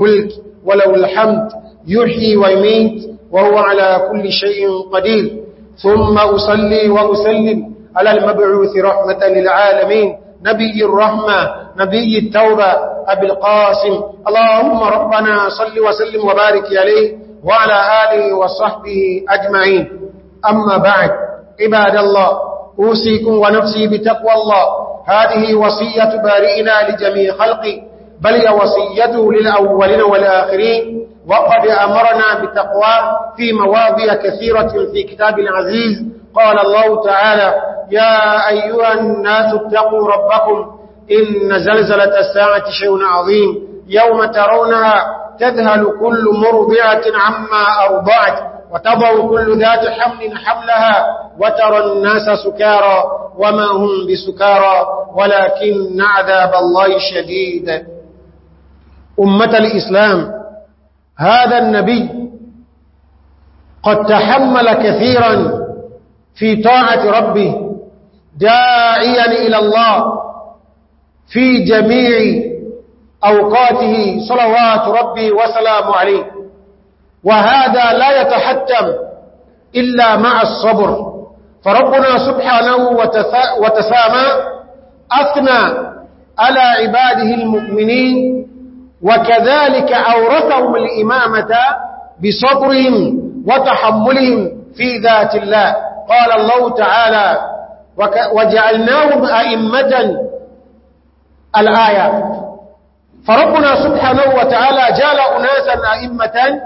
قلت ولو الحمد يحيي ويميت وهو على كل شيء قدير ثم أصلي وأسلم على المبعوث رحمة للعالمين نبي الرحمة نبي التوبة أبي القاسم اللهم ربنا صل وسلم وبارك عليه وعلى آله وصحبه أجمعين أما بعد عباد الله أوسيكم ونفسي بتقوى الله هذه وصية بارئنا لجميع خلقي بل يوصيته للأولين والآخرين وقد أمرنا بتقوى في مواضع كثيرة في كتاب العزيز قال الله تعالى يا أيها الناس اتقوا ربكم إن زلزلة الساعة شيء عظيم يوم ترونها تذهل كل مرضعة عما أرضعت وتضع كل ذات حمل حملها وترى الناس سكارا وما هم بسكارا ولكن عذاب الله شديد أمة الإسلام هذا النبي قد تحمل كثيرا في طاعة ربه داعيا إلى الله في جميع أوقاته صلوات ربي وسلام عليه وهذا لا يتحتم إلا مع الصبر فربنا سبحانه وتسامى أثنى على عباده المؤمنين وكذلك أورثهم الإمامة بصبرهم وتحملهم في ذات الله قال الله تعالى وجعلناهم أئمة الآية فربنا سبحانه وتعالى جعل أناسا أئمة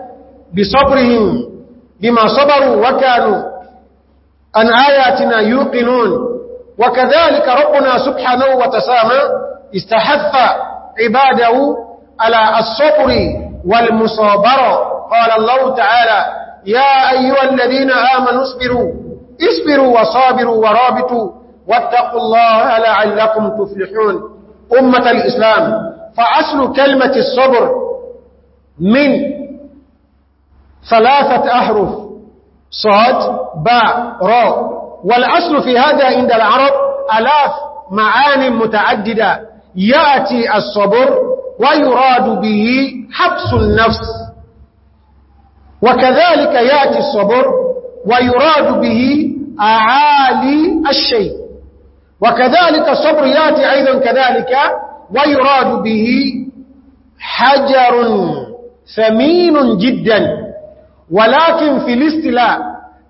بصبرهم بما صبروا وكانوا أن آياتنا يوقنون وكذلك ربنا سبحانه وتسامى استحف عباده على الصبر والمصابرة قال الله تعالى يا أيها الذين آمنوا اصبروا اصبروا وصابروا ورابطوا واتقوا الله لعلكم تفلحون أمة الإسلام فأصل كلمة الصبر من ثلاثة أحرف صاد باء راء والأصل في هذا عند العرب ألاف معاني متعددة يأتي الصبر ويراد به حبس النفس وكذلك يأتي الصبر ويراد به أعالي الشيء وكذلك الصبر يأتي أيضا كذلك ويراد به حجر ثمين جدا ولكن في الاستلاء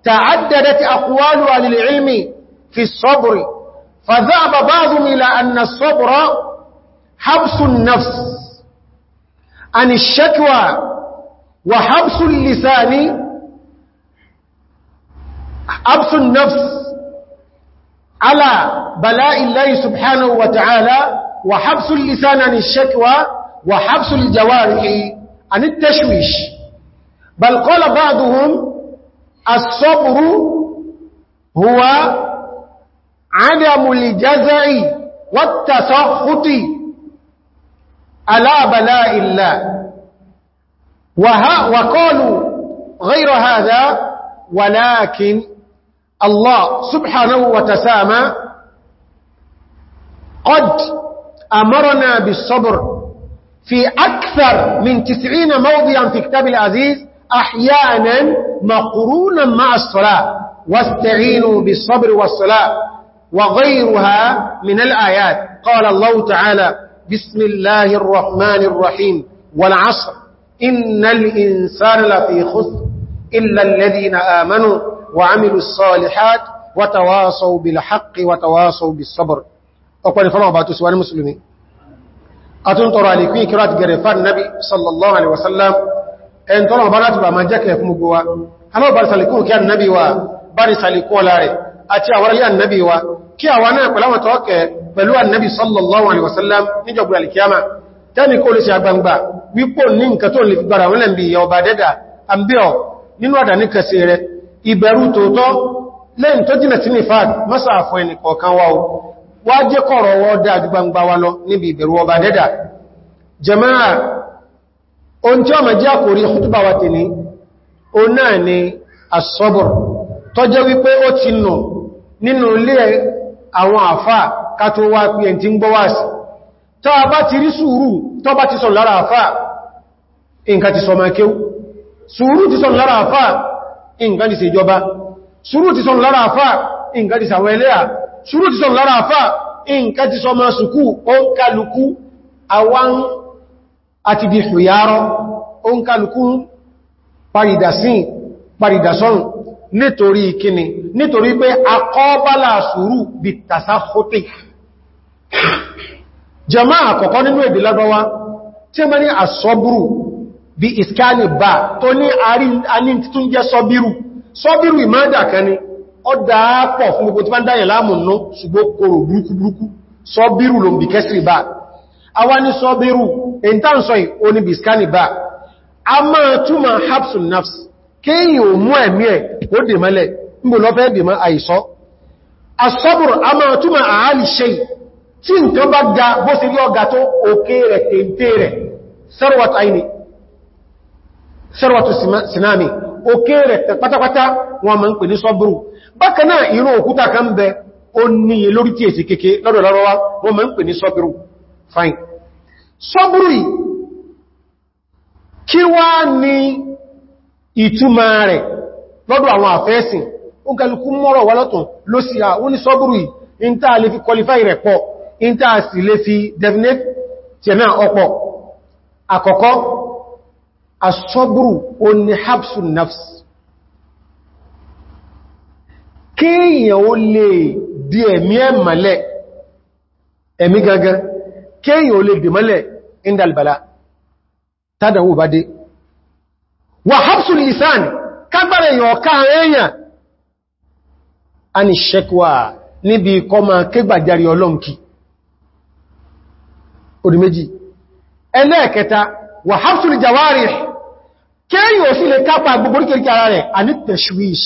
تعددت أقوال أهل العلم في الصبر فذهب بعضهم إلى أن الصبر حبس النفس عن الشكوى وحبس اللسان حبس النفس على بلاء الله سبحانه وتعالى وحبس اللسان عن الشكوى وحبس الجوارح عن التشويش بل قال بعضهم الصبر هو عدم الجزع والتسخط ألا بلاء الله وها وقالوا غير هذا ولكن الله سبحانه وتسامى قد أمرنا بالصبر في أكثر من تسعين موضعا في كتاب العزيز أحيانا مقرونا مع الصلاة واستعينوا بالصبر والصلاة وغيرها من الآيات قال الله تعالى بسم الله الرحمن الرحيم والعصر إن الإنسان لفي خسر إلا الذين آمنوا وعملوا الصالحات وتواصوا بالحق وتواصوا بالصبر أقول فلما باتوا سواء المسلمين أتون ترى لكي كرات قرفان النبي صلى الله عليه وسلم أن ترى بلات بما جاك يفمقوا أما برسالكم كان النبي وبرسالكم لاري أتي أوريان النبي وبرسالكم kí àwọn náà pẹ̀láwọn tọ́ọ̀kẹ́ pẹ̀lú annabi sallallahu alaihi wasallam níjọ̀gbùn alkiyama tẹ́ni kó lè ṣe agbangba wípò ní nǹkan tó lè gbára wọn lẹ́m̀bí ìyà ọba dẹ́dà àmbíọ̀ nínú àdáni kẹsẹ̀ rẹ̀ ìbẹ̀rù tòótọ́ lẹ́yìn tó jìnà sí nìfàd mọ́sà àfọ ẹni kọ̀ọ̀kan wá o wá jẹ́ kọ̀rọ̀ wọ́ dáa ju gbangba wa lọ níbi ìbẹ̀rù ọba dẹ́dà jẹmáà ohun tó jẹ́ wípé ó ti nù nínú ilé àwọn àfá kátó wá pí ẹn tí ń gbọ́ wá sí tó a bá ti rí sùúrù tó bá ti sọ lára àfá nǹkan ti sọ ma kéw sùúrù ti sọ lára àfá nǹkan ti ṣèjọba sùúrù ti sọ lára àfá nǹkan ti sàwọn ẹlẹ́à sùúrù ti sọ lára àfá nǹkan ti sọ ma sùkú ó àwọn àti bí ṣùyárọ ó ń nítorí ìkíni nítorí pé akọ́bálà sùúrù bí tàṣàkótì jama àkọ́kọ́ nínú èdè lágbàwá tí a mọ́ ní àṣọ́bùrù bí iskani bá tó ní àárín títún jẹ́ sọ́bírù sọ́bírù ìmáàdà kan ni ọ dáápọ̀ fún gbogbo tí bá ń dáyẹ̀ láàmùnú ṣùgbọ́n kòrò burúkú burúkú sọ́bírù ló ń bí iskani bá a máa túmọ̀ hapsun nafs kéyìn ò mú ẹ̀mí ẹ̀ ó dè mẹ́lẹ̀ níbò dè mọ́ àìsọ́ asọ́bùrù a máa túnmà àálì ṣe tí nǹkan bá ga bó sí rí ọgá tó òkè rẹ̀ tèntè rẹ̀ sẹ́rọ̀wàtà sinami òkè rẹ̀ pátápátá wọn ma ń pè ní sọ́bùrù bákan irú òkúta kan bẹ ó ní lórí tí èsì kéke lọ́dọ̀ wọn ma ń pè ní fine sọ́bùrù kí wá ni ìtumà rẹ̀ lọ́dọ̀ àwọn àfẹ́ẹ̀sìn ó kẹlùkú mọ́rọ̀ wà lọ́tọ̀ ló sì à ó ní in a lè fi qualify rẹ̀ in tá sì lè fi definite tẹ̀nà ọpọ̀ àkọ́kọ́ asọ́bùrù ó gangan wà hapsul lisan kágbàrẹ̀ èèyàn ká èèyàn a ni ṣẹ́kwà níbi ikọ́ ma kégbàjárí ọlọ́nkì orí méjì ẹlẹ́ẹ̀kẹta wà hapsul jawari kéyìn ò sí lè kápa gbogbo oríkèríkè ara rẹ̀ a ní tẹ̀ṣwíṣ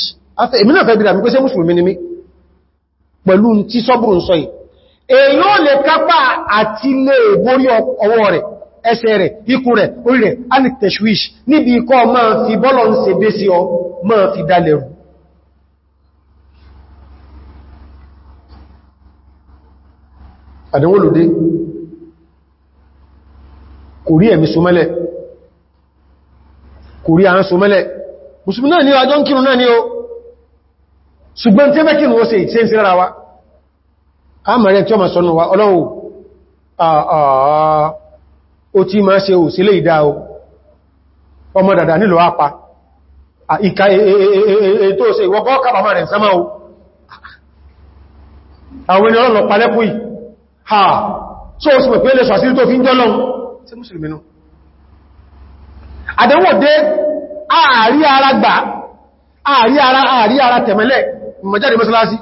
ìmìnà fẹ́ bìdà mi pé sí ẹsẹ̀ rẹ̀ ikú rẹ̀ orí rẹ̀ anitashwish níbi ikọ́ máa fi bọ́lọ̀ ń se sí ọ máa fi dalẹ̀rù àdánwòlòdé kò rí ẹ̀mí súnmọ́lẹ̀ kò rí àrán súnmọ́lẹ̀ mùsùlùmí náà ni ọjọ́ ń náà ni ó ṣùgbọ́n tí mẹ́kìrún ó se ìtẹ́ a tí ó ó tí máa ṣe òsílé ìdá o ọmọ dàdà nílò apá ìka ètò e, e, e, òsè ìwọ́gọ́ kàbàmà rẹ̀ sánmà o àwọn ènìyàn lọ palẹ́kù yìí ha so ó sì pẹ̀pẹ́ lè ṣàṣírí tó fi ń jọ́lọ́un sí mùsùlùmí nù àdẹ́wò dé ààrí ara gbà ààrí ara ààrí ara tẹ̀mẹ́lẹ̀ mọ̀jáde mọ́sálásí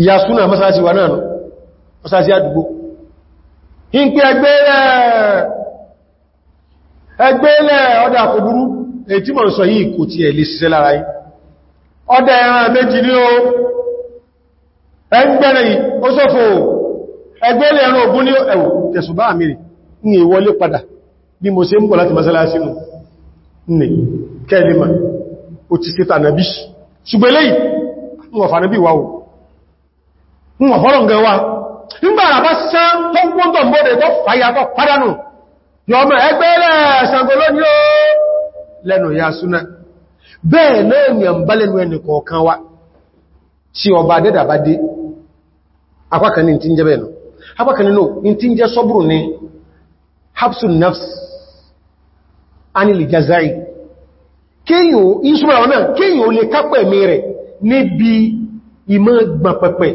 ìyà súnà mọ́sálásí wà náà mọ́sálásí àdúgbò ìpé ẹgbẹ́lẹ̀ ọdá àkóbúrú èyí tí mọ̀ sọ yìí kò tí ẹ̀ lè lára yìí ọdá ẹran méjì ní o ẹgbẹ́rẹ̀ yìí ó sọ́fò ẹgbẹ́lẹ̀ ẹran ògún ní ẹ̀wò tẹ̀sùbá àmìrì ní ìwọlé padà bí mo se ń nígbàrà bá sán tó ń gbóntọ̀ mọ́dẹ̀ tó fàyàtọ̀ pádánù yọmọ ẹgbẹ́rẹ̀ ṣàgbọ́lọ́ ó lẹ́nu ya súná bẹ́ẹ̀ náà ni a ń bá lẹ́nu ẹni kọ̀ọ̀kan wá tí ọba dẹ́dà bá dé apákan ní tí ń jẹ́ bẹ́ẹ̀ apákan nínú tí ń jẹ́ sọ́bùrù ní habsun nafs anil jazai kéyìn ò lè kápẹ̀ mi rẹ̀ níbi ìmọ̀ gbọ̀n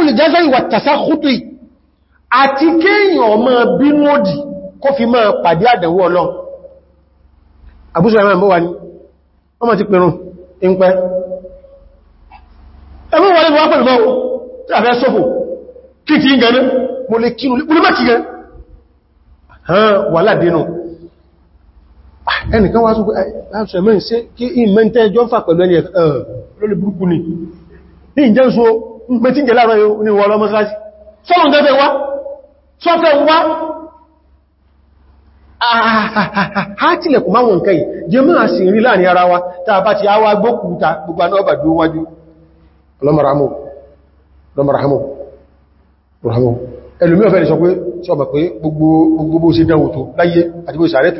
alìjẹ́sẹ̀ ìwà tàṣàkútù àti kéèyàn ọmọ bínú òdì kó fi máa pàdé àdẹ̀wò ọlọ́ àbúsù ẹ̀mọ́ ẹ̀mọ́ wà ní ọmọ ti pẹ̀rún ìpẹ́ ẹmọ́ wà ní wọ́n pẹ̀lú mọ́ tí a fẹ́ sọ́fò kí ti gẹ̀ẹ́ mo lè kí ẹnìkan wá súnkú ẹ̀ẹ́sẹ̀mẹ́ ń pè tí ń jẹ láàrọ̀ ní wọ́n lọ́mọ́sáájì sọ́lọ́n tẹ́fẹ́ wá sọ́fẹ́ wá àtìlẹ̀kùn máwọn nǹkan yìí jẹ máa sì rí láàrin ara wa tàbá ti àwà gbókùúta gbogbo aná ọbàdó wájú lọ́mọ̀ráhàmù ẹlùmí ọ̀fẹ́ ìṣọ́ pé sọ́mọ̀ pé gbogbo bó ṣe dánwò tó láyé àti bó ìṣàrẹ́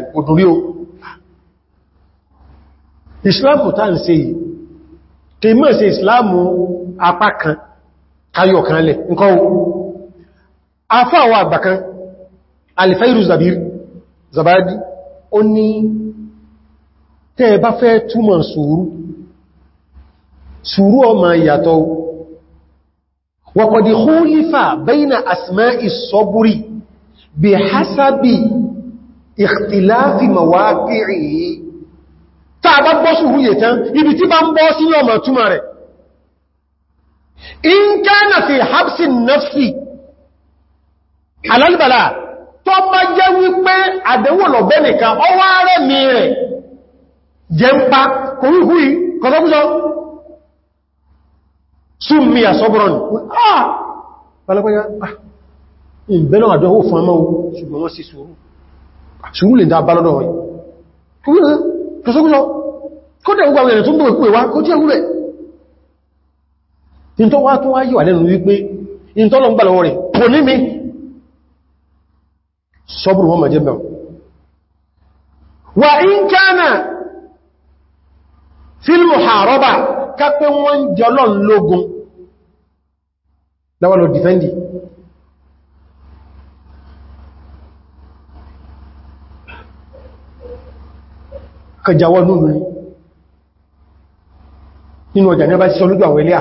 ń ṣe yìí kèmọ́ sí ìsìláàmù apá kan káyọ̀ kan lẹ̀ nǹkan afáwọ̀ àgbàkan alifairu zabir zabadi ó ní tẹ́ bá fẹ́ túmọ̀ sùúrù sùúrù ọmọ ìyàtọ̀ wọ̀kọ̀dì khúlífà bẹ́yìnà asmá ìsọ́búrì bí hásábì ìkhtiláfì mawákìrì tàbá bọ́ sùúrù tán ibi tí bá ń bọ́ sí ọmọ túmọ̀ rẹ̀ in kana fi habsi nafsi alalbala tó bá jẹ́ wípé àdẹ̀wò lọ̀bẹ́ nìkan ọ wá rẹ̀ mi rẹ̀ jẹ́ ń pa kòrúkú yìí kọ̀sọ́kúsọ́ sún mi àsọ́bọ̀rọ̀nù ah pàlọ́pẹ́yà ah! ìbẹ̀nà àdọ́wò fún ọmọ ṣùgbọ́n wọ́n sì sùúrù sùúrù lè dá bálọ́dọ̀ wọ́n in tó wá tún wá yíwà lẹ́nu wípé in tó lọ ń gbàlọ́wọ́ rẹ̀ kò ní mi sọ́bùrù wọn mọ̀jẹ́ mẹ́rún wà in kánà fílmù àrọ́bà kápẹ́ wọ́n jẹ́ lógún láwọn dìfẹ́ndì kẹjàwọ́ nínú ọjà ní ọba sí ọlójú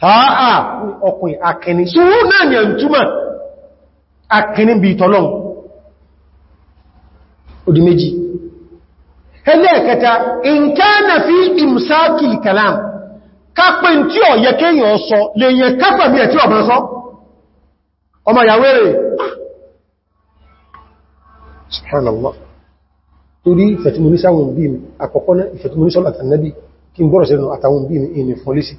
àà ọkùnrin akẹni sùúrù náà ni àǹtúmà akẹni bí tọ́lọ́n òdí méjì ẹlẹ́ẹ̀kẹta ìǹkẹ́ẹ̀nà fi ìmùsáàkìlì kalam kápẹ́ tí ó yẹ kéèyàn sọ lè yẹ kápẹ́ bí ẹ̀ tí ọ̀bọ̀n sọ ọmọ ìyàwó rẹ̀ subhanallah torí ìfẹ̀tìmọ̀nísáwọn bí mi àkọ́kọ́ náà ìfẹ̀tìmọ̀nísọ́lọ̀ àtànẹ́bí kí n bọ́rọ̀ sẹ́nu àtàwọn bí mi ìní fún lẹ́sìn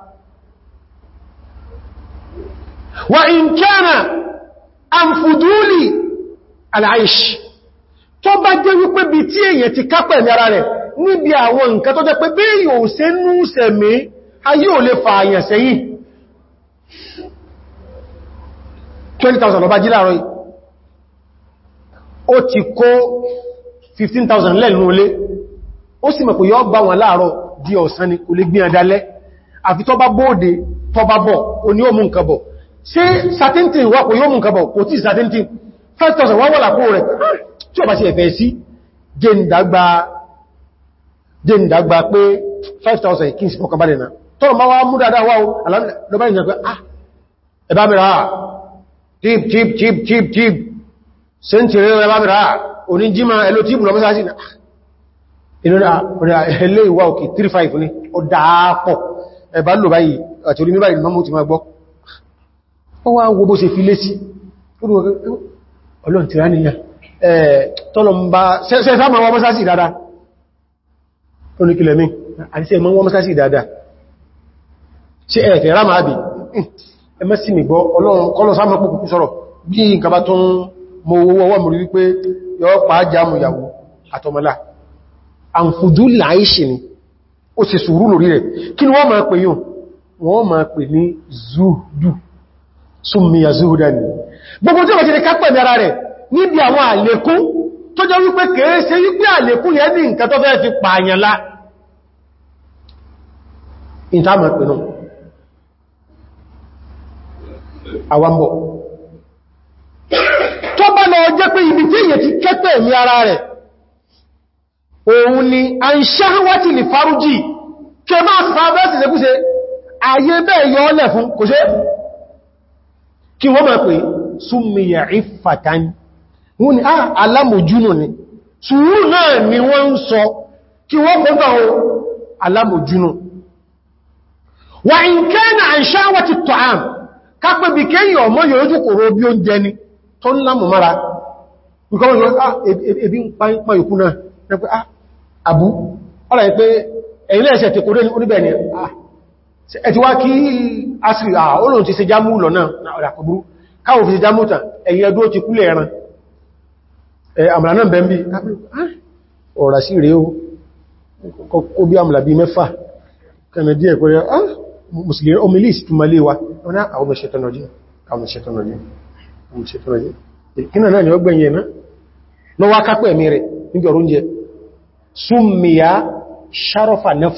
وإن كان عن فضول العيش tó bá jẹ́ wípé bí tí èyàn ti kápẹ̀ lára rẹ̀ níbi àwọn nǹkan tó jẹ́ pé bí èyàn ò ṣe nú sẹ̀mí ayé ò lè fa àyàn sẹ́yìn 20,000 lọ́bá jílá rọ̀ ó ti kó 15,000 lẹ́nu olé ó sì mọ̀ pé yọ́ wọn láàárọ̀ di ọ̀sán ni kò lè gbìyànjálẹ́ àfi tó bá bóòdé tó bá bọ̀ oní òmù nǹkan bọ̀ ṣe sàtíntìn wà kò yóò mú kàbọ̀ kò tí sàtíntìn 5,000 wọ́n wọ́n làkó rẹ̀ ah! tí ó bá ṣe ẹ̀fẹ́ sí jẹ́ndàgbà pé 5,000 kí n sì fọ́kà bá dẹ̀nà tọ́rọ ma wá mú dáadáa wá lọ́bá ìjìnà pé ah ẹbá mìírà típ típ típ típ típ sẹ́ntìrì ẹbá mìírà òní jíma ẹlò típ lọ mẹ́sàásì náà ẹlẹ́ ah, ìwà òkè 35 ní ọdáàpọ̀ ẹbá lò báyìí àti orí mẹ́bàá ìlú mọ́mú ti máa gbọ́ ó wá ń gbogbo ṣe fi lé sí ọlọ́n tí ráníyàn tọ́lọ̀ ń bá ṣe sáàmà wọ́n mọ́sásì dáadáa tó ní kílẹ̀ mí àti ṣe mọ́ wọ́n mọ́sásì dáadáa ṣe ẹ̀fẹ̀ rámà ábì ẹmẹ́ sí mi gbọ́ ọlọ́run sáàmà púpù sọ̀rọ̀ bí i nǹkan bá tó ń mọ wípé yọ pàá jámù ìyàwó àtọmọlá àǹfùdú láìṣì ni ó sì sùúrù lórí rẹ̀ kí ni wọ́n máa pè yùn wọ́n máa pè ní zúdù súnmìyà zuhudan gbogbo tí ó ti ká pẹ̀lú ara rẹ̀ níbi àwọn àlékún tó jẹ́ wípé kèése wípé àlékún yẹn ní nǹkan tó fẹ́ fi pààyàn lá ìtàmà pẹ̀lú àwambọ̀ tó bá lọ jẹ́ pé ibi tí èyẹ ti kẹ́pẹ̀ ní rẹ̀ òun ni a ń ṣáwátì lè farújì kẹ máa sáfẹ́ sí ṣekúṣe ayé bẹ́ẹ̀ yọ ọ́lẹ̀ fún kò ṣe kí wọ́n máa pè súnmìyà ìfàtàní wọ́n ni ah, alámòjúnù ni sùúrù náà ni wọ́n ń sọ kí wọ́n kọ́gbà o alámòjúnù wà ń kẹ́nà àṣáwà tọ́àm kápẹ́ bí kẹ́yìn ọmọ yóò kòrò bí ó ń jẹni tó ń lámù mara nǹkan ẹ̀tí wá kí asìrì àolóhun ti ṣe jámù lọ náà ọ̀dàkọ̀búrú káwọn fi ṣe jámù tàn ẹ̀yìn ẹdú ó ti kúlẹ̀ ẹran àmàlà náà bẹ̀m̀bí ọ̀rà sí rẹ̀ ó kó bí àmàlà bí mẹ́fà kẹ́nà díẹ̀ pẹ̀lẹ̀ mùsùlùmí omi lè sì túnmà léwa àwọn ṣẹ̀tọ́nà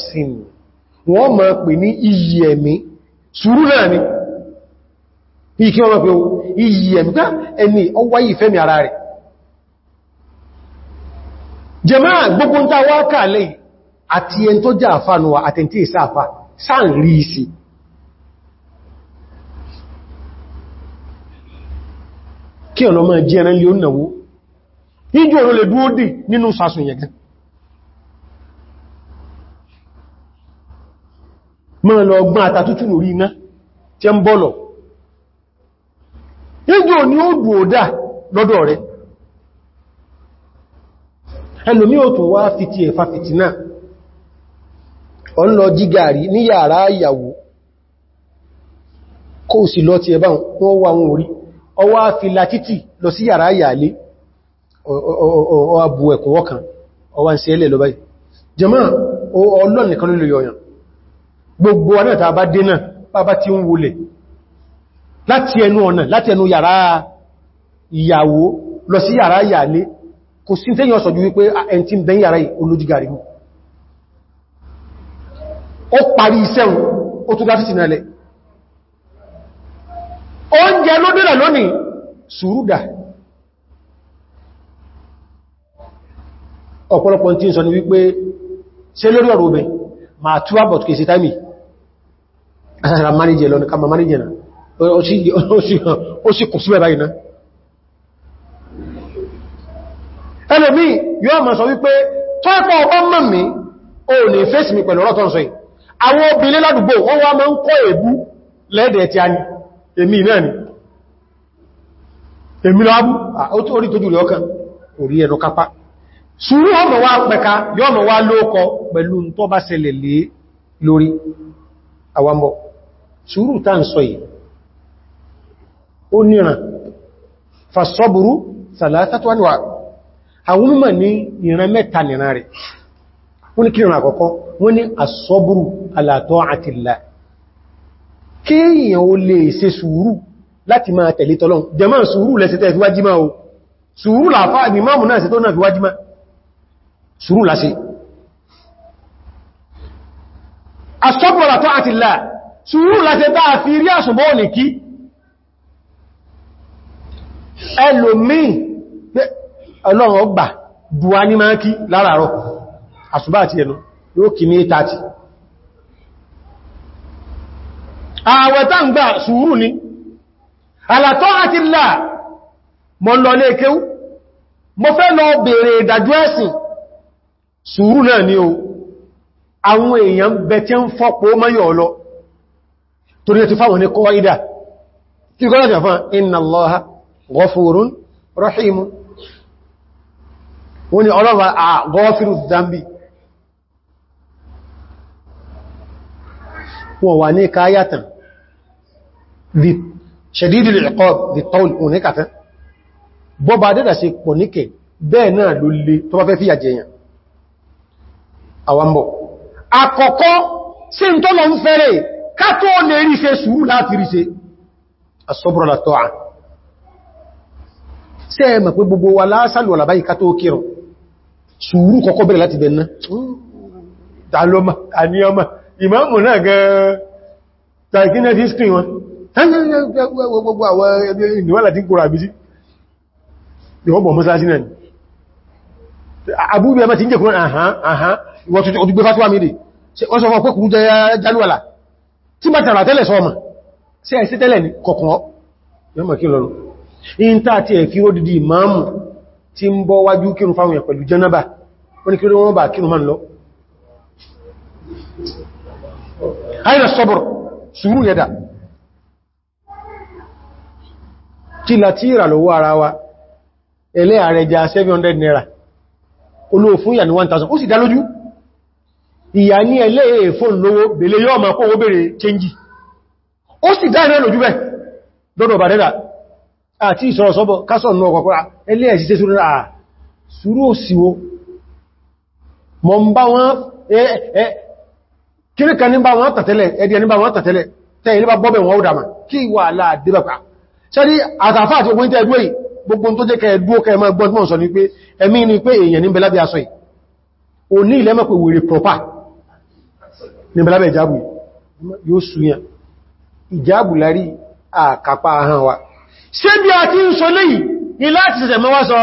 jẹ́ wọ́n máa pè ní iyì ẹ̀mí sùúrù náà ni bí kí wọ́n pè ó iyì ẹ̀mí ẹni ọwá yìí ara rẹ̀ jẹmáà gbogbo ń tàwà kààlẹ̀ àti ẹn tó já àtẹntí ìsáàfà sáà rí isi kí ọ̀nà jẹ́ lè ó nàwó ma lọ gbọ́n àtàtútù lórí iná tí ń bọ́lọ̀ ni ó bu ó dà lọ́dọ̀ rẹ̀ ẹlòmí ò tún wá fìtì ẹ̀fà ọ ń lọ jí gàrí ní yàrá ìyàwó kó sì lọ ti ẹbá wọn wà wọn orí ọwá fi látítì lọ sí yàrá ìyàlé ọwá bu ẹ̀kùn gbogbo ọ̀nà tàbá dínà bàbá tí ń wulẹ̀ láti ẹnu ọ̀nà láti ẹnu yàrá ìyàwó lọ sí yàrá ìyàlé kò sí tẹ́yìn ọ̀sọ̀jú wípé ah, ẹn tí ń bẹ́ yàrá olójígàrí ó parí iṣẹ́ ó tó gáfí sínálẹ̀ oúnjẹ ló dínà lónìí sùúrùdà ọ̀pọ̀lọpọ̀ tí ń sọ ni wípé ṣe lórí ọ̀rọ̀ obẹ̀ ma tú àbọ̀tù kèsì ara manager lọ ká ma manager na ó sì kù síbẹ̀ báyìí náà ẹlòmí yóò mọ̀ sọ wípé tó ẹ̀kọ́ ọba mọ̀ mi o ní fèsì mi pẹ̀lú ọ̀rọ̀ tó ń sọ yìí àwọn obìnrin ládùgbò wọ́n wá mọ́ ń kọ́ èébú lẹ́ẹ̀dẹ̀ tí a ní èmi náà ni èmi lọ́bú orí tójú rẹ̀ ọkàn orí ẹnu kápá ṣúrú ọmọ wá pẹ̀ka yọ́mọ̀ wá lóókọ pẹ̀lú tó bá ṣẹlẹ̀ lé lórí àwamọ́ sùúrù tá ń sọ yìí ó níran fàṣọ́bùrú sàlátàtàwà àwọn mímọ̀ ní ìran mẹ́ta nìran rẹ̀ wọ́n ní kí ìran àkọ́kọ́ wọ́n ní àṣọ́bùrú alàtọ́ àtìlá kí èèyàn ó lè ṣe sùúrù láti máa tẹ̀lé tọ́lọ́n jẹmọ́ sùúrù lẹ́sẹ̀ tẹ́ fi wájímá o sùúrù làfá ní máàmù sùúrù láti táà fi rí àṣùgbọ́ òní kí ẹlòmíì ọlọ́run ọgbà dùwà ní máa kí láràárọ̀ àṣùgbà àti ẹnu yóò kí ní ààwẹ̀ ń gbà ni àlàtọ́ àti là mọ́ lọ lé o àwọn èèyàn ń torí ẹ̀ ti fáwọn ní kọwa ìdá kí gọ́nà jẹ́ fún inna Allaha ghafurun rahimun wọ́n ni ọlọ́wà a ah, ghafiru zambi wọ́n wà ní káyàtàn di shadidul iqab di taul oníkàtàn bọ́bá dẹ́dà sí pọ̀ níkẹ̀ bẹ́ẹ̀ náà ló lè tó bá fẹ́ fíyà jẹyàn àwambọ̀ sí ń tọ́lọ ń fẹ́rẹ̀ ká tó lè rí ṣe sùúrù láti rí ṣe asọ́bùrọ̀ látọ́ à ṣe ẹ̀mọ̀ pé gbogbo wa lásàlù ọ̀làbáyì ká tó kírùn sùúrù kọ́kọ́ bẹ̀rẹ̀ láti bẹ̀rẹ̀ náà àbúgbé ẹmẹ́ ti ń jẹ́ kúrò àhán àhán ìwọ̀n tó gbé fásitì wà mìírì wọ́n sọ fún ọpẹ́kùn jẹ́ jálúwàlá tí bá tàrà tẹ́lẹ̀ sọ ọmọ sí ẹ̀sí tẹ́lẹ̀ ní kọ̀kọ́ yọmọ̀ kí lọ́rùn in tàà tí ẹ̀fí ó dìdì ìmáàmù tí ń bọ́ wájú kírun fáwọn pẹ̀lú jẹ́nàbà wọ́n ni kírun wọ́n bá kírun wa ẹlẹ́ ààrẹ ja 700 naira olóòfún yà ní 1000 ó sì ìyà ní ẹlẹ́ èèfóòn lówó belé yóò máa kó obèrè kéńjì ó sì dáìrẹ́ lójú bẹ́ lọ́dọ̀ bàdẹ́dà àti ìṣọ́rọ̀sọ́bọ̀ kásọ̀nù ọ̀pọ̀pọ̀ ẹlẹ́ ẹ̀sì tẹ́ súrú àà súrú òsìwò mọ̀ ń bá wọn kíríkà ní bá wọn tàtẹ́lẹ̀ ẹdí ẹni bá wọn tàtẹ́lẹ̀ tẹ́ ilé bá bọ́bẹ̀ wọn ó dàmà kí wà láàdébàpá sẹ́rí àtàfà àti ogun tẹ́ ẹgbó yìí gbogbo tó jẹ́ kẹ́ẹ̀dúó kẹ́ẹ̀mọ́ gbọ́n tí wèrè proper ní bẹ̀lábẹ̀ ìjábù yóò súyàn ìjábù lárí àkàpà ahán wa ṣe bí a ti ń sọ léyìí ni láti ṣẹ̀ṣẹ̀ mọ́ wá sọ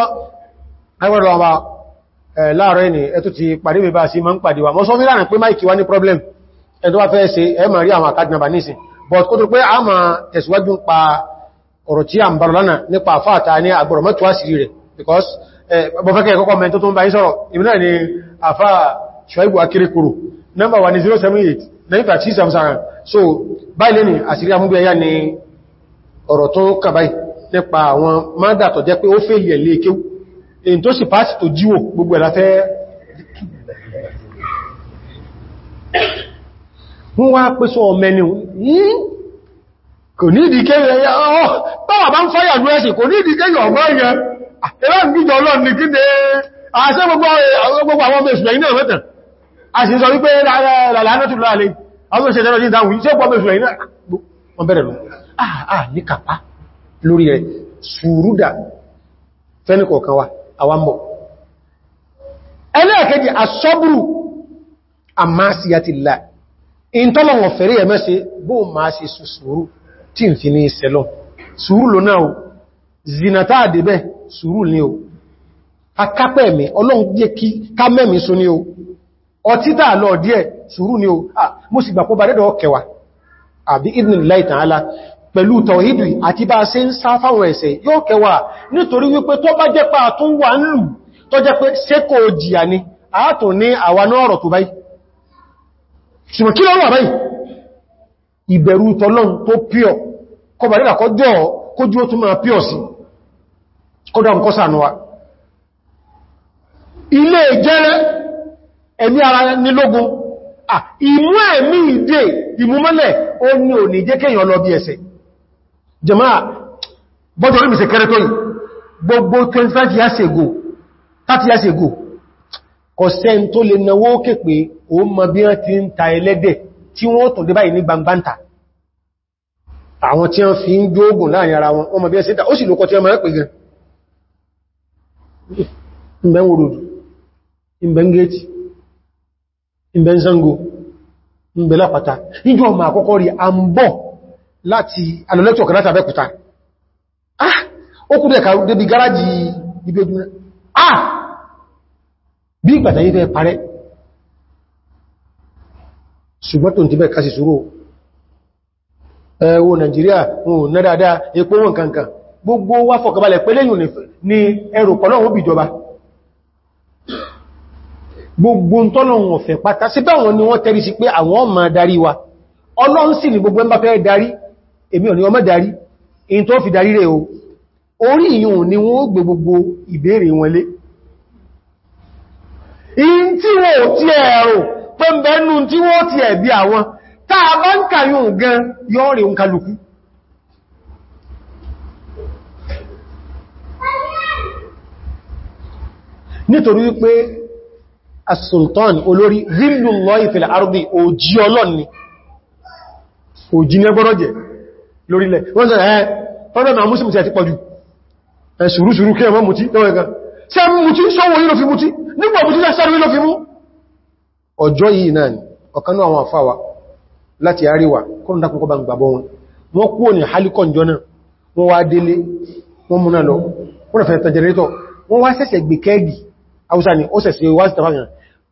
agbọ́dọ̀ ọba láàárọ̀ ẹni ẹ̀tù ti pàdé bẹ̀bá sí ma ń problem ẹ̀tọ́ wá fẹ́ ṣe ẹ ma rí àwọn àkádìnàbà nísìn but kó tó pa ọ̀rọ̀ tí a ń barọ̀ lánà nípa àfáàta because bọ́fẹ́kẹ́ ẹ̀kọ́kọ́ mẹ́ntó tó ń bá yí sọ̀rọ̀ ni àfáà ṣọ́ ìgbò akéré kúrò number one is 078 nípa tí sàmsàrán so báyìí lè ní àṣírí amúgbé ẹyá ni ọ̀rọ̀ tó kàbáyì nípa àwọn mádà tó jẹ́ pé ó fèèlì ẹ̀ lè kéwú èyí tó sì pàtì tó jíwò gbogbo ẹ̀lá fẹ́ wọ́n wá pé sọ ọmọ ẹni hmm? kò ní ìdíkẹ́ ẹ̀yà ọ́ tọ́wà bá ń fọ́yà lú ẹ̀sìn kò a sì sọ wípé lálátùlálẹ́ àwọn òṣèrè ọjọ́ ìdáhùn iṣẹ́ pọ̀ mẹ́sùn ẹ̀yìn wọ́n bẹ̀rẹ̀ lọ àà ní kàpá lórí rẹ̀ ṣùrúdà fẹ́nìkọ̀ọ̀kan wa àwambọ̀ ẹlẹ́ẹ̀kẹ́jì asọ́bùrù àmásíyàtìlá ìntọ́lọ̀wọ̀ fẹ̀rí ẹ̀mẹ́sẹ̀ bó máa ṣe sùúrù tí ń fi ní ìṣẹ́lọ sùúrù ló náà zinata àdébẹ̀ sùúrù ní o akápẹ́ ẹ̀mẹ́ ọlọ́run jẹ́ kí ká mẹ́mí so ní o ọtítà lọ díẹ̀ sùúrù ni o mo sì gbàpọ̀ bá dẹ́dọ̀ ọkẹwà àbí idhnillahi ta'ala pẹ̀lú tọ̀hídù àti bá ṣe ń sá fáwọn ẹ̀ṣẹ̀ yóò kẹwà nítorí wípé tó bá jẹ́ pa tó wà ń lù tó jẹ́ pé ṣe kò jìyà ni àátò ní àwa náà ọ̀rọ̀ tó báyìí ṣùgbọ́n kí ilé ìjẹ́rẹ́ ẹ̀mí ara ní lógún ìmú ẹ̀mí ìdè ìmúmọ́lẹ̀ ó ní ò ní jẹ́ kéèyàn lọ bí ẹsẹ̀ jàmáà bọ́jọ̀ orí mi ṣe kéré yìí gbogbo 25 years ago 30 years ago ọ̀sẹ́ tó lè náwó òkè pé o mọ bí wọ́n ti ń ta ẹlẹ́dẹ̀ tí wọ́n tún dé báyìí ní gbangbanta àwọn tí wọ́n fi ń jóògùn láàrin ara wọn wọ́n bí wọ́n sí ó sì lókọ tí wọ́n mọ̀ pẹ̀ gan ìbẹ̀ ń wòròdù ìbẹ̀ ń gẹ́ẹ̀tì ìbẹ̀ Ṣàngó ìbẹ̀ Lápàtà níjọ́ ọmọ àkọ́kọ́ rí a ń bọ̀ láti alọ́lẹ́tọ̀ kan láti Abẹ́kúta ah ó kú garaji débi gáràjì ibi ojú ah bí ìgbàtà yí fẹ́ parẹ́ ṣùgbọ́n tó ń ti bẹ́ kásì ṣúrò ẹwọ Nàìjíríà ohun náà epo wọn kankan gbogbo wa pẹ́lẹ́yìn ni ẹrù pọ̀lọ́wọ́ gbogbo tọ́lọ̀wọ̀n ọ̀fẹ́ pátá sí ni wọ́n tẹ́rí sí pé àwọn ọmọ darí wa ọlọ́run sì ni gbogbo ẹmbá fẹ́ darí èmi ò ọmọ darí in tó fi darí rẹ̀ o orí ìyùn ni wọ́n gbogbo ìbéèrè ti àwọn nítorí wípé as-sultan olórí zillullahi fil ardi òjí ọlọ́ni òjí ní ẹgbọ́rọ̀ jẹ lórílẹ̀ wọ́n sọ ẹ́ ọ̀rọ̀ ma músùmù ti àti pọ̀jù ẹ̀ ṣùrúṣùrú kí ẹmọ́ mutí lọ́wọ́ ẹ̀gá ṣe mutí sọ́wọ́ yìí ló fi mutí nígbà mutí sáré ló fi mú ọjọ́ yìí náà ni ọ̀kanú àwọn àfáwà láti àríwá kọ́nà dákùnkọ́ bá ń gbàbọ́ wọn wọ́n kúrò ní halikọ́njọ́ náà wọ́n wá délé wọ́n múná lọ wọ́n fẹ́ tàn jẹrẹtọ̀ wọ́n sẹ́sẹ̀ gbẹ̀kẹ́gì haúsá ni ó sẹ̀sẹ̀ wá sí tàbáyàn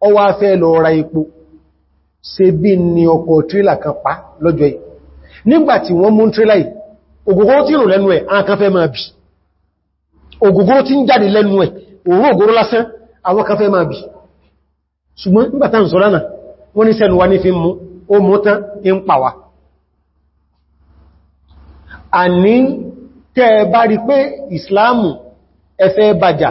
ọwá fẹ́ lọ ra epo ṣe bí ní ọkọ̀ kan pa lọ́jọ́ yìí nígbàtí wọ́n mú tírélà yìí ti tí rùn lẹ́nu ẹ̀ àwọn kan fẹ́ máa bì ògógóró tí ń jáde lẹ́nu ẹ̀ lásán àwọn kan fẹ́ máa bì ṣùgbọ́n wọ́n ní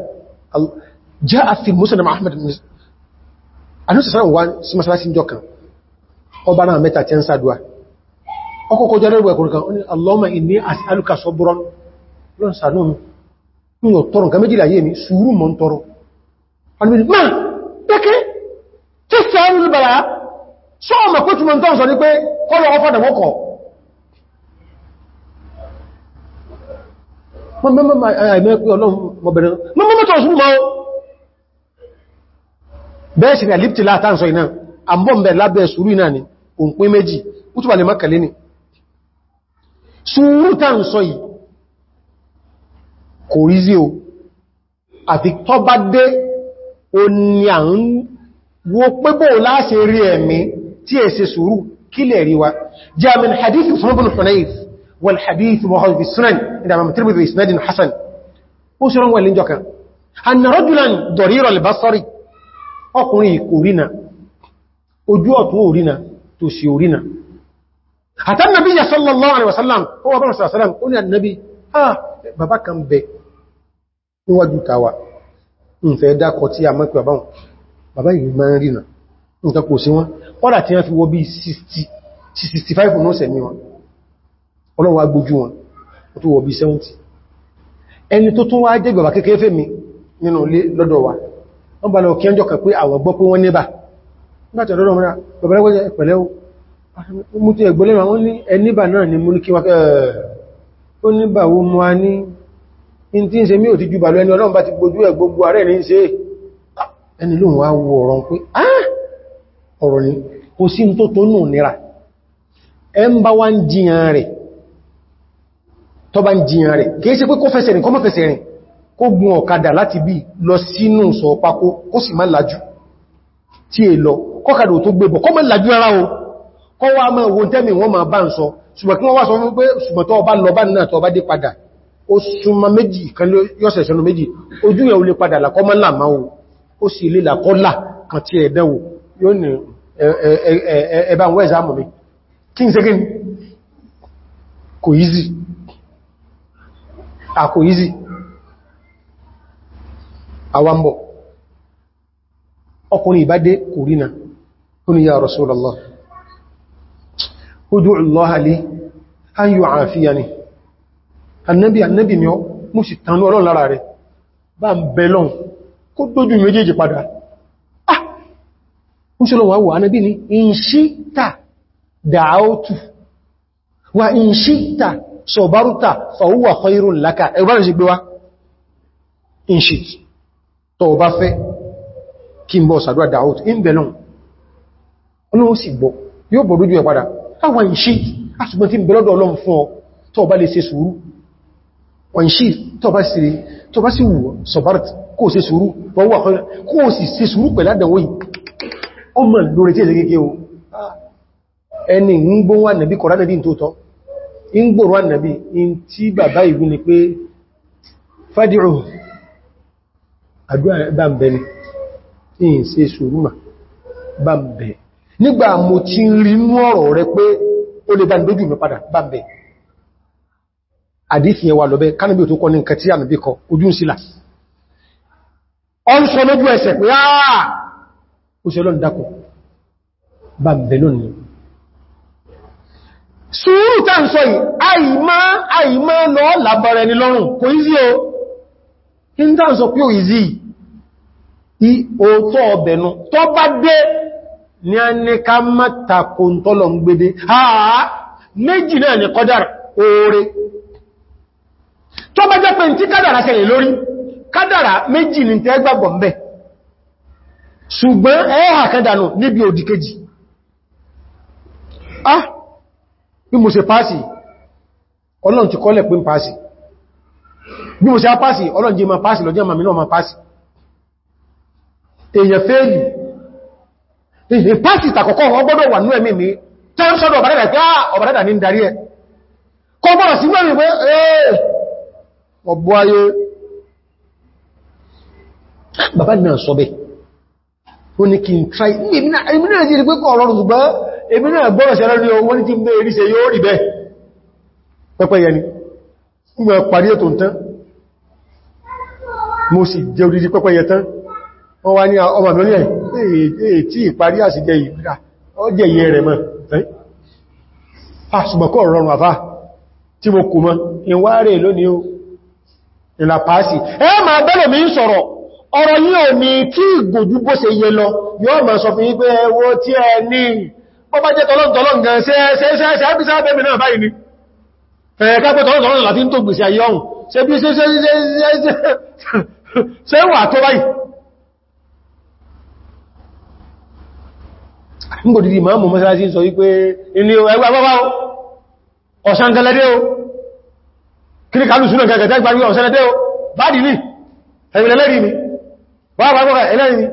جاء في المسلم احمد بن anu sasa wa si masalasi njo kan ọba náà mẹ́ta tí ń sàdúwà ọkọ̀kọ́ jẹ́ rẹ̀wẹ̀ ẹ̀kùnrin kan ó ní allahumma inni as'aluka sabran lọ́n sàánú mi ní ọ̀tọ́rọ̀ nǹkan méjìlá yé mi sùúrù mọ́ ń tọrọ ọdún ma pẹ́kẹ́ tí sàánú ní bàrá sọ́ọ̀mà kó túnmọ̀ tọ́ sọ ní pé kọ́lọ̀ ọfọ́dà mọ́kọ̀ mọ́mọ́mọ́ tó súnmọ́ bẹ́ẹ̀ sí ni àlìpìtì látàǹsọ iná àbọ̀m̀bẹ̀ lábẹ́ sùúrù iná ni òǹpín méjì útùbà lè mọ́kànlé ni sùúrù tàǹsọ yìí kò rí sí o àti tọ́ bá dé o ni à ń wo pébò láàṣẹ rí ẹ̀mí tí è ṣe sùúrù kílẹ̀ rí wa jẹ́ min hadith ìfúnnbùn hunayf wal anna rajulan dọ̀ríra albasari ọkùnrin ìkòrínà ojú ọ̀tún òrínà tó sì òrínà àtànàbí yà sallallahu alaihi wasallam ó wà bọ́nà sallallahu ó ní annabi ah, ha bàbá kan bẹ níwájú tàwà ń fẹ́ dákọ tí a mọ́kí 60 65 ọ̀nà ọ̀sẹ̀ ní wọn ọlọ́wọ́ 70 ẹni tó tún wá jẹ́ bàbá kékeré fẹ́ mi nínú ilé lọ́dọ̀ wa wọ́n bá lọ kí ẹjọ́ kan pé àwọ̀ gbọ́ pé wọ́n níbà láti ọ̀dọ́dọ̀ mìíràn bàbára wọ́n pẹ̀lẹ́ mú ti ẹ̀gbọ́lẹ́ ma ní ẹníbà náà ni mú ní kí wọ́n kẹ́ ó níbà wo mú a ní in tí ń ṣe mí ò ti jù bàlú ẹni ọlọ́run ah, ah! ni kò sí tó tó nù nira kó gun ọ̀kadà láti bí lọ sínú sọ pákó kó sì má lájú tí è lọ kọ́kàdà tó gbébọ̀ kọ́ má lájú ara o kọ́ wá mọ́ owó tẹ́mì wọ́n máa bá ń sọ ṣùgbọ́n kí wọ́n wá sọ fún pé ṣùgbọ́n tó bá lọ bá nínú àtọ́ bá dé padà ó súnmọ́ méjì kan yọ́sẹ̀ ìṣẹ́nu méjì ojú yẹn ò lè padà làkọ́ má làmá o ó sì lè làkọ́ là kan tí ẹ̀dẹ́ wo yóò ní ẹ̀bá ń wẹ́ẹ̀sá mọ̀ mi kí n ṣe kí ni kò easy Awambo, ọkùnrin ìbádé kurina, rí náà ó ní ya Rasulullah ud'u Allah li an yu'afiyani annabi annabi ni ọ mú sì tánú ọlọ́run lára rẹ̀ bá ń bẹ̀lọ́n kó dójú méjèèjì padà ah ń ṣe lọ wà wà annabi ni in shi'ta da'awtu wa in shi'ta sabarta fa huwa khairun laka ẹgbẹ́ rẹ̀ sì tó bá fẹ́ kí n bọ́ sàdúrà dáhùt in belong ọlọ́run sì gbọ́ yóò bọ̀ lójú ẹ̀ padà àwọn ìṣí àṣùgbọ́n tí ń bẹ lọ́dọ̀ ọlọ́run fún ọ tó bá lè ṣe sùúrù wọ́n ìṣí tó bá sì wù sọ̀bárt kó ṣe sùúrù wọ́n wà kó sì ṣe sùúrù pẹ̀ládàwó yìí ọmọ lórí tí èsẹ́gẹ́gẹ́ o ẹni ń gbọ́ wà nàbí kọ̀rá nàbí tó tọ́ ń gbòrò wà nàbí in tí bàbá ìwú ni pé fádìrò àdúrà bá ni ìyìn sí ṣùgbà bá ń bẹ nígbà mo ti rí inú ọ̀rọ̀ rẹ pé ó lè dáni lójú mi padà bá ń bẹ àdífì ẹwà lọ́bẹ kánàbí òtún kọ́ ní nǹkan tí àmì bí kọ ojú ń sílà sọ lójú ẹsẹ̀ pé áà ó ṣe bá ń lónìí sùúrù tá ń sọ yìí àìmá àìmá lọ́ làbàrẹ̀ ni lọ́rùn kò í o in tá ń sọ pé ò ì yìí òótọ́ ọbẹ̀nu tó bá dé ní a ní ká mátàkò tọ́lọ̀ ń gbede méjì náà ni kọ́dàrà oore tó bá jẹ́ pé tí kádàrà ṣẹlẹ̀ lórí kádàrà méjì ní tẹ́ gbàgbọ́ ń ṣùgbọ́n ṣùgbọ́n ẹ́hà kádànù níbi òdì kejì bí mo èèyàn fẹ́ẹ̀lì ìpáàtì ìtàkọ̀kọ́ wọn gbọ́dọ̀ wà ní ẹ̀mí mi tẹ́rù sọ́dọ̀ ọ̀bàdàdà pé ah, ọ̀bàdàdà ní darí ẹ̀ kọ́ bọ́rọ̀ sí mẹ́rin pé ọ̀bọ̀ eh, ayé bàbá náà sọ bẹ́ ó ní kí n try èmi náà sí pé ọ̀rọ̀ ṣùgbọ́n èmi náà gbọ́rọ̀ sí ẹlẹ́rin owó ní tí ń bẹ́ erí se yóò rí bẹ́ pẹ́pẹ́ yẹni wọ́n wá ní ọmọ mẹ́rin ẹ̀ tí ìparí àṣìjẹ ìpínlẹ̀ jẹ iye rẹ̀ mọ́ ṣùgbọ́kọ́ rọrùn àfá tí mo kò mọ́ ìwárẹ̀ lónìí o ìlà pàásì ẹ ma bẹ́lẹ̀ mi ń sọ̀rọ̀ ọ̀rọ̀ yìí ò tí ìgbòjú bó ṣe yẹ lọ yóò mọ̀ sọ tí ẹ ní bọ́bá jẹ́ tọ́lọ́ntọ́lọ́ nígbòdìdì máàmù mọ́sálásí sọ wípé ilé ẹgbẹ́ àbábá ọ̀sánkẹlẹ́dẹ́ o kíríkàlù súnà gẹ̀gẹ̀tẹ́ gbàrí ọ̀sánkẹlẹ́dẹ́ o báàdì ní ẹ̀rìnlẹ́lẹ́rì mi bàbá bọ́rọ̀ ẹlẹ́rì mi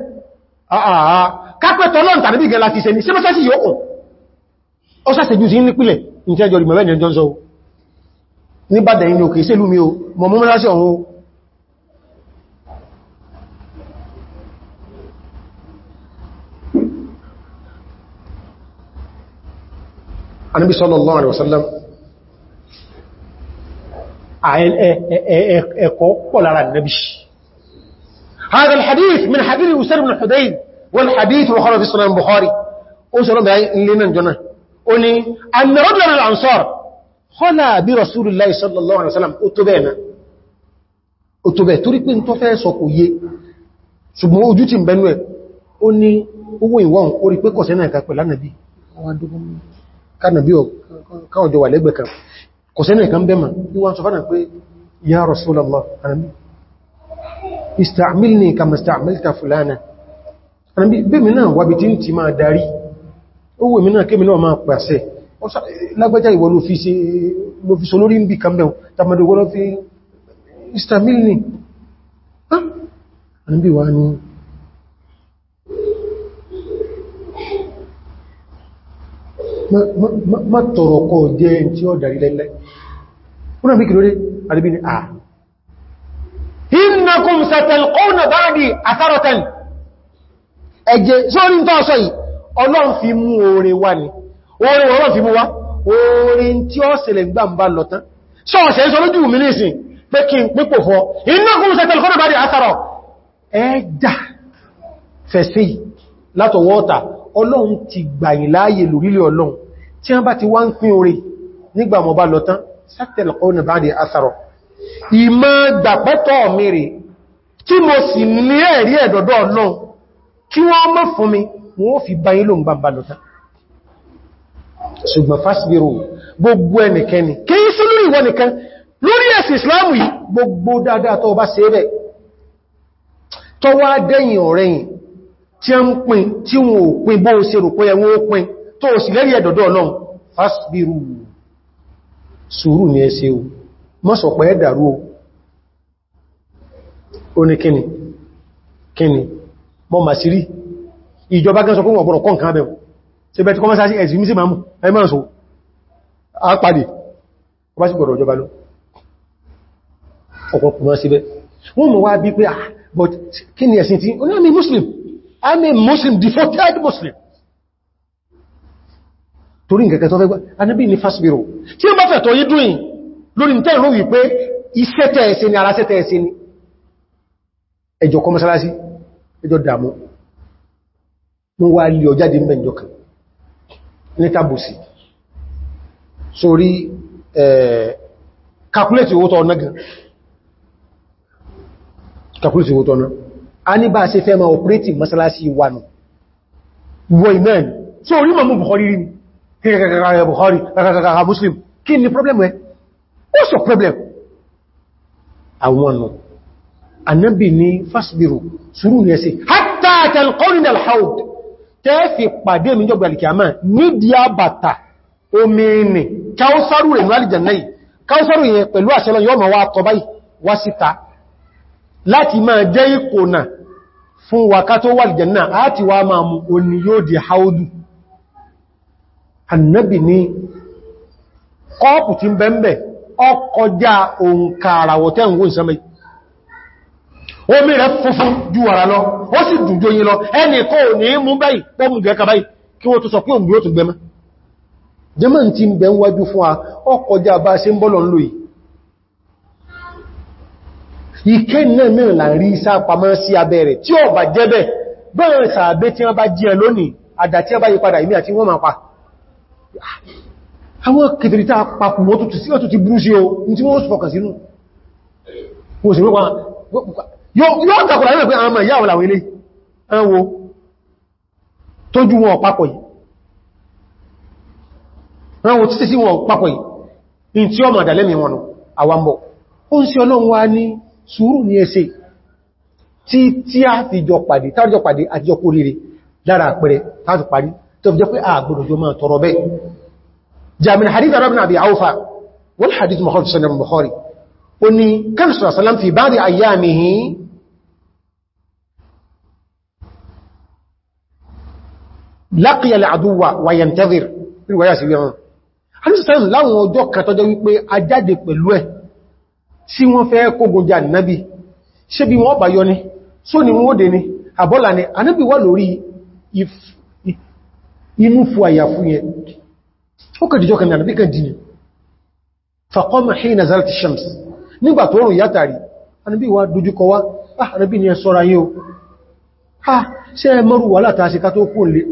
àà kápẹ́tọ̀ lọ́n tàbí gẹ̀ láti ṣe ní sí mọ́sálásí yóò kùn ó sáṣẹ́ jù sí nípìlẹ̀ ìtẹ́jọ́ ìmọ̀wẹ́ ni ọjọ́ ń sọ ní bàdẹ̀ ìlú òkè ìṣẹ́lú mi o mọ̀ mọ́mọ́lásí ọ̀hún anábí sallallahu alaihi wasallam ẹ̀kọ́ pọ̀ lára nàbí هذا الحديث صلى الله عليه وسلم أتبعنا أتبع ṣùgbọ́n ojú ti ń bẹnu ẹ̀ ó ní owó ìwọ̀n orí pé kọ̀sẹ̀ náà kàpẹ̀ lánàbí àwọn kánàbí káwọn jọ wà lẹ́gbẹ̀ẹ́ kan kò sẹ́nà ìkan bẹ́mà ní wọ́n sọ fánà pé ya Rasulallah anabi ista'amil ni kama ista'amilta fulana anabi bẹ́mi náà wà bí tí ń ti máa darí owó mi náà kémi náà máa pàṣẹ lágbàjá ìwọ ló fi so lórí ń bí kan bẹ́wọ̀ má tọrọ kọ jẹ́ tí ó darí lẹ́lẹ́ wọ́n náà bí kìlórí àdìbí ni àà innakum satalqawna ba'di atharatan ẹ̀jẹ̀ sórí ń tọ́ sọ yìí ọlọ́run fi mú oore wá ni oore ọlọ́run fi mú wá oore tí ó ṣẹlẹ̀ gbàmbá lọ́tán sọ́ọ̀sẹ̀ ń sọ lójú mi nísìn pé kí n pípò fọ́ innakum satalqawna ba'di atharatan ẹjà fẹ̀sí látọwọ́ta ọlọ́run ti gbàyìn láàyè lórílẹ̀ ọlọ́run tí wọ́n bá ti wá ń pín orí nígbà mọ̀ bá lọ tán sátẹ̀lẹ̀ ọ̀nà bá di asàrọ̀ ìmọ̀ dàpẹ́tọ̀ mẹ́rẹ̀ tí mo sì ní ẹ̀rí ẹ̀dọ̀dọ̀ ọlọ́run kí wọ́n mọ́ fún mi wọ́n fi báyín lóun bá bá lọ tán ṣùgbọ́n fásbírò gbogbo ọ̀rẹ́yìn tí ó ń pin tí wọn ò pin bó ṣe rò pé ẹwọ́n ó pin tó sì lẹ́rí ẹ̀dọ̀dọ̀ ọlọ́run fásbírù sùúrù ní ẹsẹ̀ o mọ́sọ̀ pẹ́ ẹ̀dàrú o ní kíni kíni mọ́ mà sí rí ìjọba gẹ́sọ pé wọ́n gbọ́rọ̀ kọ́ nǹkan abẹ́wọ̀ tí bẹ́ ti kọ́ mọ́sá sí ẹ̀sì mísí máa mú ẹmọ́ sọ àpàdé ọba sí gbọ́rọ̀ ìjọba lọ ọ̀pọ̀pọ̀ mọ́ síbẹ̀ wọ́n mọ̀ wá bí pé ah but kí ni ẹ̀sìn tí oníwàmí muslim I'm a Muslim, devoted Muslim. Torí nǹkan tó fẹ́ gbá, anábí ni fásbírò. Tí ó bá fẹ́ tó yí dúyìn lórí tẹ́rù wípé iṣẹ́ tẹ́ẹ̀ṣẹ́ ni ara ṣẹ́ tẹ́ẹ̀ṣẹ́ ni. Ẹjọ́ kọ mọ́sálásí, ẹjọ́ dàmú. Mú wá lè ọjáde mẹ́ ìjọ kan ní tàbùsì. Sórí calculate your tọ́ on gan. Calculate owó tọ́ ọ̀nà a ní bá ṣe fẹ́ ma operate masalasi wánu wọ iman tí orí mọ̀ mú Bukhari rí kẹkẹkẹkẹ Bukhari kẹkẹkẹkẹ Muslim kí ni problem rẹ̀ ó sọ problem àwọn nù anábì ní fásbìrù sùúrù ní ẹsẹ̀ hatta talqawni al-hawd tẹ́ẹ̀fì pàdé mi jọgbà alìkìyàmá nídìí àbàtà omi ni káúsárù rẹ̀ ní alìjànnà káúsárù yẹn pẹ̀lú àṣẹ́lọ yọ́ ma wá tọ wá síta láti máa jẹ́ ìkònà fún wàká tó wà ìjẹ̀nà àti wà máa mú oní yóò di haudu annabi ni kọ́ọ̀pù ti ń bẹm ọkọjá òǹkà àràwọ̀ tẹ́ ǹgbò ìsẹ́mẹ́ O rẹ̀ funfun ju wàrà lọ ó sì dùn jóyin lọ ẹni kó ní mú báyìí pọ́mù ka bai. sọ ike náà mìíràn là ń rí isá pamọ́ sí abẹ́rẹ̀ tí ó bà jẹ́bẹ̀ bẹ́rẹ̀ sàábé tí wọ́n bá jí ẹ lónìí àdà tí wọ́n bá yí padà ìmí àti wọ́n máa pa àwọn kìtìrìtà papù wọ́n tútù sí ọ̀tún ti burú sí o ní tí wọ́n fọkàn sínú ó ń sí ọlọ́run wá ní sùúrù ní ẹsẹ̀ tí tí a ti jọ pàdé tàbíjọ pàdé àtijọ kó rere lára àpẹẹrẹ tàbí parí tó fi jẹ́ pé àgbòrò jọ máa tọrọ bẹ́ jami'in hadith arabin abi aufa wal hadith muhammad sallam bukhari ó ní kan sura sallam fi ba'di ayyamihi laqiya al sí wọ́n fẹ́ kógun jà nábi ṣe bí wọ́n bàyọ ni só ni wọ́n dé ni àbọ́là ni anábi wà lórí inú fún àyà fún yẹ ó kẹ́ dìjọ́ kan nàbí shams nígbà tó rùn yátàrí anábi wà dojúkọ wá ah ni ẹ sọ́ra yíò ah ṣe ẹ mọ́rù wà látà sí ká tó kún lè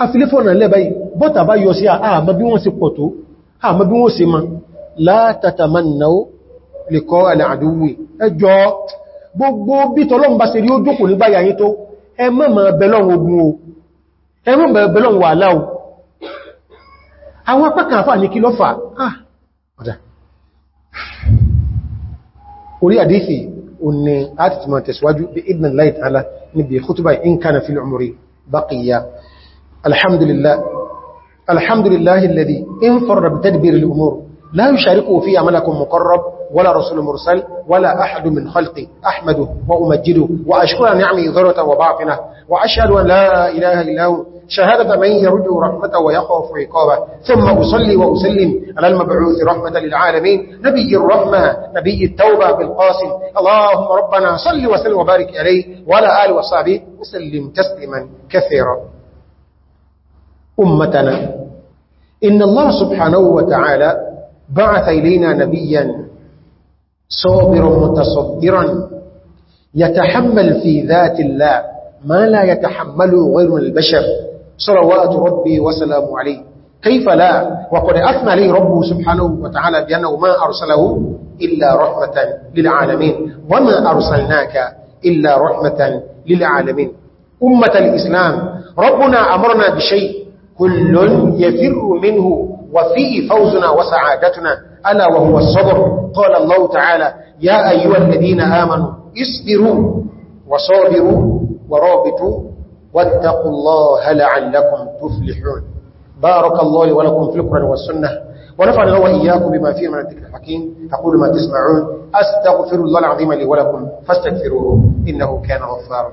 a fi lé fọ́nà látàtàmánà lèkọ́ àlàdúwì ẹjọ́ gbogbo bí tọ́lọ́m bá ṣe rí ó jókòó nígbà yàyí tó ẹmọ́ mọ̀ bẹ̀lọ́run ogun o ẹmọ́ mọ̀ bẹ̀lọ́run wà láò àwọn apákan àfà ní kí ló fà ah, orí àdífì òní àtìtìmọ̀ tẹ̀síwájú bí ibn light ala níbi khutubah in kana لا يشاركه فيها ملك مقرب ولا رسول مرسل ولا أحد من خلقي أحمده وأمجده وأشكر نعمه ذرة وباطنة وأشهد أن لا إله إلا هو شهادة من يرجو رحمته ويخاف عقابه ثم أصلي وأسلم على المبعوث رحمة للعالمين نبي الرحمة نبي التوبة بالقاسم اللهم ربنا صلي وسلم وبارك عليه وعلى آل وصحبه وسلم تسلما كثيرا أمتنا إن الله سبحانه وتعالى بعث إلينا نبيا صابرا متصدرا يتحمل في ذات الله ما لا يتحمله غير البشر صلوات ربي وسلام عليه كيف لا وقد أثنى لي ربه سبحانه وتعالى بأنه ما أرسله إلا رحمة للعالمين وما أرسلناك إلا رحمة للعالمين أمة الإسلام ربنا أمرنا بشيء كل يفر منه وفيه فوزنا وسعادتنا ألا وهو الصبر قال الله تعالى يا أيها الذين آمنوا اصبروا وصابروا ورابطوا واتقوا الله لعلكم تفلحون بارك الله ولكم في القرآن والسنة ونفعل الله وإياكم بما فيه من الذكر الحكيم أقول ما تسمعون أستغفر الله العظيم لي ولكم فاستغفروه إنه كان غفارا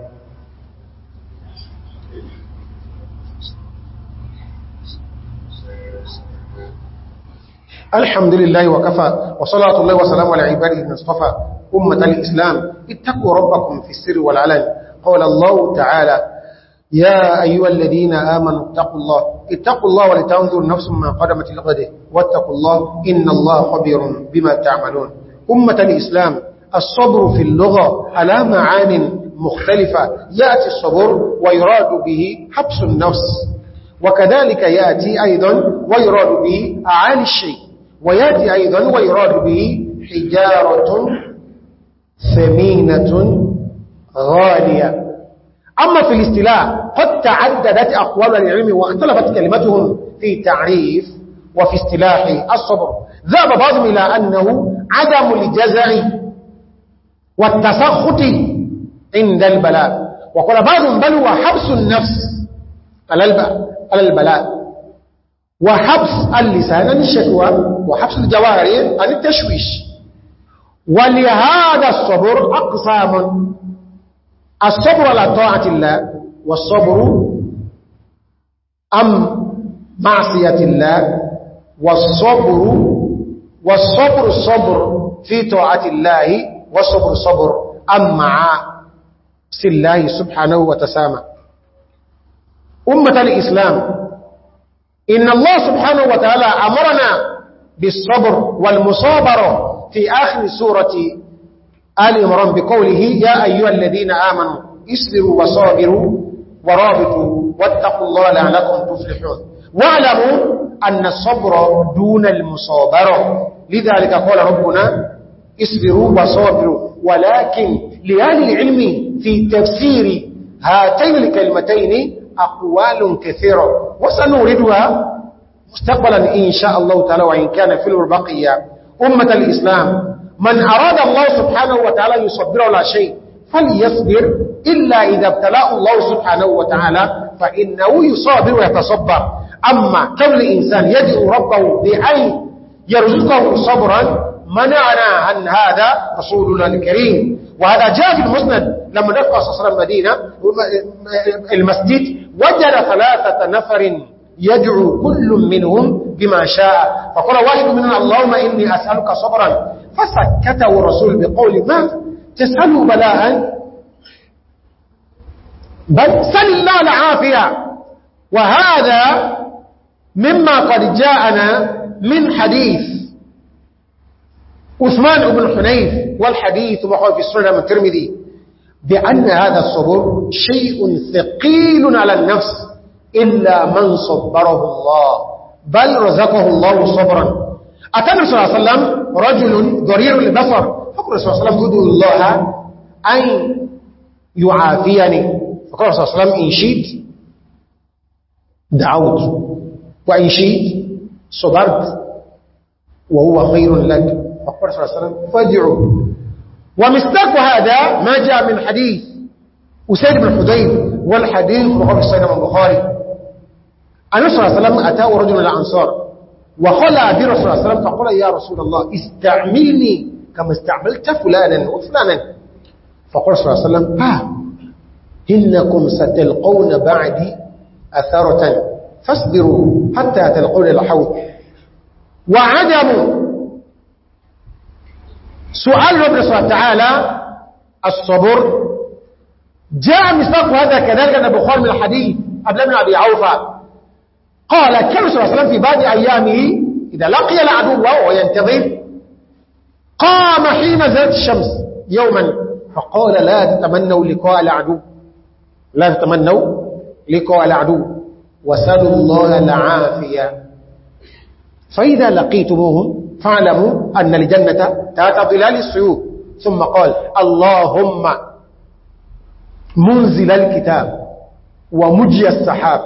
الحمد لله وكفى وصلاة الله وسلام على عباده من اصطفى أمة الإسلام اتقوا ربكم في السر والعلن قال الله تعالى يا أيها الذين آمنوا اتقوا الله اتقوا الله ولتنظر نفس ما قدمت لغده واتقوا الله إن الله خبير بما تعملون أمة الإسلام الصبر في اللغة على معان مختلفة يأتي الصبر ويراد به حبس النفس وكذلك يأتي أيضا ويراد به أعالي الشيء ويأتي أيضا ويراد به حجارة ثمينة غالية أما في الاستلاء قد تعددت أقوال العلم واختلفت كلمتهم في تعريف وفي استلاح الصبر ذهب بعضهم إلى أنه عدم الجزع والتسخط عند البلاء وقال بعضهم بل هو حبس النفس على البلاء وحبس اللسان عن الشكوى وحبس الجواري عن التشويش ولهذا الصبر أقسام الصبر على طاعة الله والصبر أم معصية الله والصبر والصبر الصبر في طاعة الله والصبر صبر أم مع الله سبحانه وتسامى أمة الإسلام إن الله سبحانه وتعالى أمرنا بالصبر والمصابرة في آخر سورة آل إمران بقوله يا أيها الذين آمنوا اسبروا وصابروا ورابطوا واتقوا الله لعلكم تفلحون واعلموا أن الصبر دون المصابرة لذلك قال ربنا اسبروا وصابروا ولكن لأهل العلم في تفسير هاتين الكلمتين أقوال كثيرة وسنوردها مستقبلا إن شاء الله تعالى وإن كان في البقية أمة الإسلام من أراد الله سبحانه وتعالى يصبر على شيء فليصبر إلا إذا ابتلاه الله سبحانه وتعالى فإنه يصابر ويتصبر أما كل الإنسان يدعو ربه بعين يرزقه صبرا منعنا عن هذا رسولنا الكريم وهذا جاء في المسند لما الله عليه المدينة المسجد وجد ثلاثة نفر يدعو كل منهم بما شاء فقال واحد منهم اللهم إني أسألك صبرا فسكته الرسول بقول ما تسأله بلاء بل سلّى العافية وهذا مما قد جاءنا من حديث عثمان بن حنيف والحديث وقال في السنة من الترمذي بأن هذا الصبر شيء ثقيل على النفس إلا من صبره الله بل رزقه الله صبرا أتى صلى الله عليه وسلم رجل ضرير البصر فقال صلى الله عليه وسلم ادعو الله أن يعافيني فقال صلى الله عليه وسلم إن شئت دعوت وإن شئت صبرت وهو خير لك أقول صلى الله عليه وسلم فادعوا ومستق هذا ما جاء من حديث وسيد بن حديث والحديث مخرج السيد بن بخاري أن صلى الله عليه وسلم أتاه رجل الأنصار في رسول الله صلى الله عليه وسلم فقال يا رسول الله استعملني كما استعملت فلانا وفلانا فقال صلى الله عليه وسلم ها آه، إنكم ستلقون بعدي أثارة فاصبروا حتى تلقون الحوض وعدموا سؤال ربنا سبحانه وتعالى الصبر جاء مصداق هذا كذلك أن بخار من الحديث قبل ابن أبي عوفة قال كان صلى الله عليه وسلم في بعض أيامه إذا لقي العدو وينتظر قام حين زالت الشمس يوما فقال لا تتمنوا لقاء العدو لا تتمنوا لقاء العدو وسألوا الله العافية فإذا لقيتموهم فاعلموا أن الجنة تحت ظلال السيوف ثم قال اللهم منزل الكتاب ومجي السحاب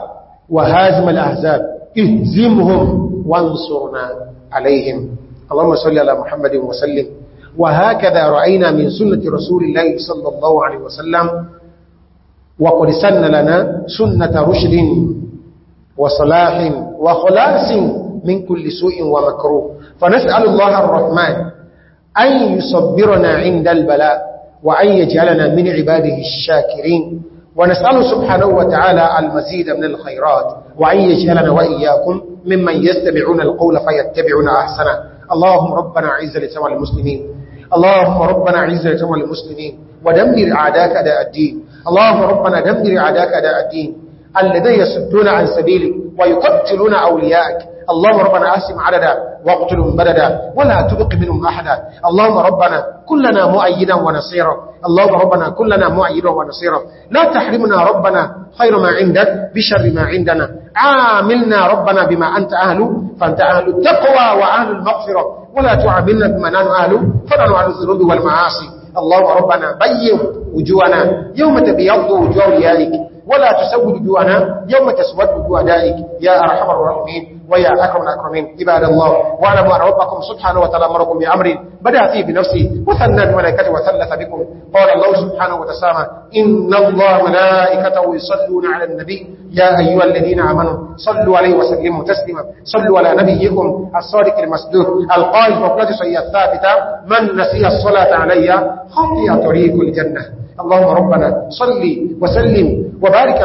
وهازم الأهزاب اهزمهم وانصرنا عليهم اللهم صل على محمد وسلم وهكذا رأينا من سنة رسول الله صلى الله عليه وسلم وقد سن لنا سنة رشد وصلاح وخلاص من كل سوء ومكروه فنسأل الله الرحمن أن يصبرنا عند البلاء وأن يجعلنا من عباده الشاكرين ونسأل سبحانه وتعالى المزيد من الخيرات وأن يجعلنا وإياكم ممن يستمعون القول فيتبعون أحسنا اللهم ربنا عز لسوى المسلمين اللهم ربنا عز لسوى المسلمين ودمر عداك داء الدين اللهم ربنا دمر عداك داء الدين الذين يسدون عن سبيلك ويقتلون أولياءك اللهم ربنا أسم عددا واقتلهم بددا ولا تبق منهم أحدا اللهم ربنا كلنا مؤيدا ونصيرا اللهم ربنا كلنا مؤيدا ونصيرا لا تحرمنا ربنا خير ما عندك بشر ما عندنا عاملنا ربنا بما أنت أهل فأنت أهل التقوى وأهل المغفرة ولا تعاملنا بما نحن أهل فنحن أهل الذنوب والمعاصي اللهم ربنا بيض وجوانا يوم تبيض وجوه ليائك ولا تسود جوانا يوم تسود جوا دائك يا أرحم الراحمين ويا أكرم الأكرمين عباد الله وعلم أن ربكم سبحانه وتعالى أمركم بأمر بدأ فيه بنفسه وثنى الملائكة وثلث بكم قال الله سبحانه وتعالى إن الله ملائكته يصلون على النبي يا أيها الذين آمنوا صلوا عليه وسلموا تسلما صلوا على نبيكم الصادق المسدور القائل فقلت سيئة ثابتة من نسي الصلاة علي خطي أطريق الجنة اللهم ربنا صل وسلم وبارك